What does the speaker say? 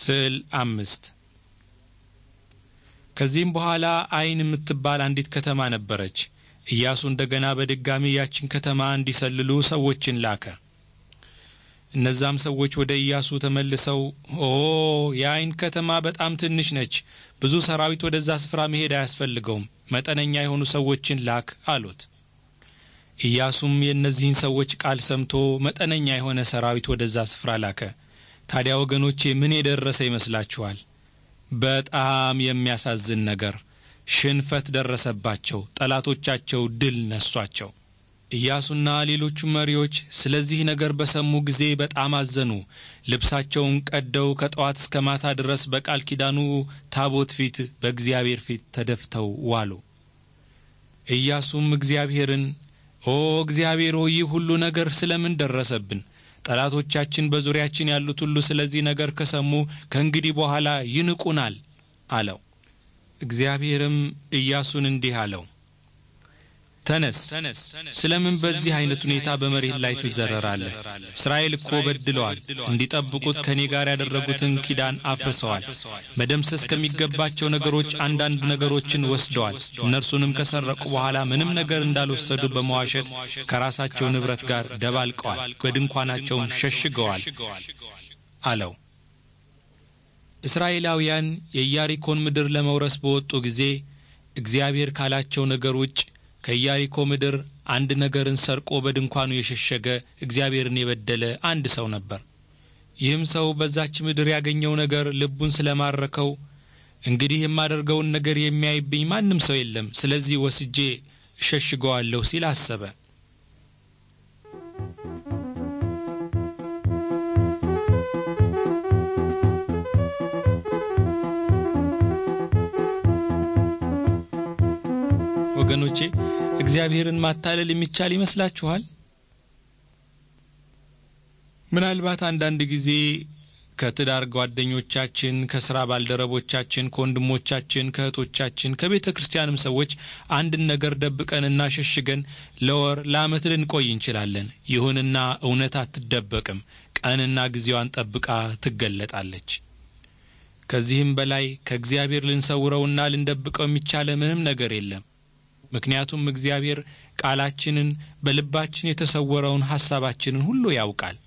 ስዕል አምስት ከዚህም በኋላ አይን የምትባል አንዲት ከተማ ነበረች። ኢያሱ እንደገና በድጋሚ ያችን ከተማ እንዲሰልሉ ሰዎችን ላከ። እነዛም ሰዎች ወደ ኢያሱ ተመልሰው ኦ የአይን ከተማ በጣም ትንሽ ነች፣ ብዙ ሰራዊት ወደዛ ስፍራ መሄድ አያስፈልገውም፣ መጠነኛ የሆኑ ሰዎችን ላክ አሉት። ኢያሱም የእነዚህን ሰዎች ቃል ሰምቶ መጠነኛ የሆነ ሰራዊት ወደዛ ስፍራ ላከ። ታዲያ ወገኖቼ ምን የደረሰ ይመስላችኋል? በጣም የሚያሳዝን ነገር ሽንፈት ደረሰባቸው። ጠላቶቻቸው ድል ነሷቸው። ኢያሱና ሌሎቹ መሪዎች ስለዚህ ነገር በሰሙ ጊዜ በጣም አዘኑ። ልብሳቸውን ቀደው ከጠዋት እስከ ማታ ድረስ በቃል ኪዳኑ ታቦት ፊት በእግዚአብሔር ፊት ተደፍተው ዋሉ። ኢያሱም እግዚአብሔርን ኦ እግዚአብሔር ሆይ ይህ ሁሉ ነገር ስለምን ደረሰብን? ጠላቶቻችን በዙሪያችን ያሉት ሁሉ ስለዚህ ነገር ከሰሙ ከእንግዲህ በኋላ ይንቁናል አለው። እግዚአብሔርም ኢያሱን እንዲህ አለው፣ ተነስ፣ ስለምን በዚህ አይነት ሁኔታ በመሬት ላይ ትዘረራለህ? እስራኤል እኮ በድለዋል። እንዲጠብቁት ከእኔ ጋር ያደረጉትን ኪዳን አፍርሰዋል። መደምሰስ ከሚገባቸው ነገሮች አንዳንድ ነገሮችን ወስደዋል። እነርሱንም ከሰረቁ በኋላ ምንም ነገር እንዳልወሰዱ በመዋሸት ከራሳቸው ንብረት ጋር ደባልቀዋል፣ በድንኳናቸውም ሸሽገዋል አለው። እስራኤላውያን የኢያሪኮን ምድር ለመውረስ በወጡ ጊዜ እግዚአብሔር ካላቸው ነገር ውጭ ከኢያሪኮ ምድር አንድ ነገርን ሰርቆ በድንኳኑ የሸሸገ እግዚአብሔርን የበደለ አንድ ሰው ነበር። ይህም ሰው በዛች ምድር ያገኘው ነገር ልቡን ስለማረከው እንግዲህ የማደርገውን ነገር የሚያይብኝ ማንም ሰው የለም፣ ስለዚህ ወስጄ እሸሽገዋለሁ ሲል አሰበ። ወገኖቼ እግዚአብሔርን ማታለል የሚቻል ይመስላችኋል? ምናልባት አንዳንድ ጊዜ ከትዳር ጓደኞቻችን፣ ከስራ ባልደረቦቻችን፣ ከወንድሞቻችን፣ ከእህቶቻችን፣ ከቤተ ክርስቲያንም ሰዎች አንድን ነገር ደብቀንና ሸሽገን ለወር ለዓመት ልንቆይ እንችላለን። ይሁንና እውነት አትደበቅም፣ ቀንና ጊዜዋን ጠብቃ ትገለጣለች። ከዚህም በላይ ከእግዚአብሔር ልንሰውረውና ልንደብቀው የሚቻለ ምንም ነገር የለም። ምክንያቱም እግዚአብሔር ቃላችንን በልባችን የተሰወረውን ሐሳባችንን ሁሉ ያውቃል።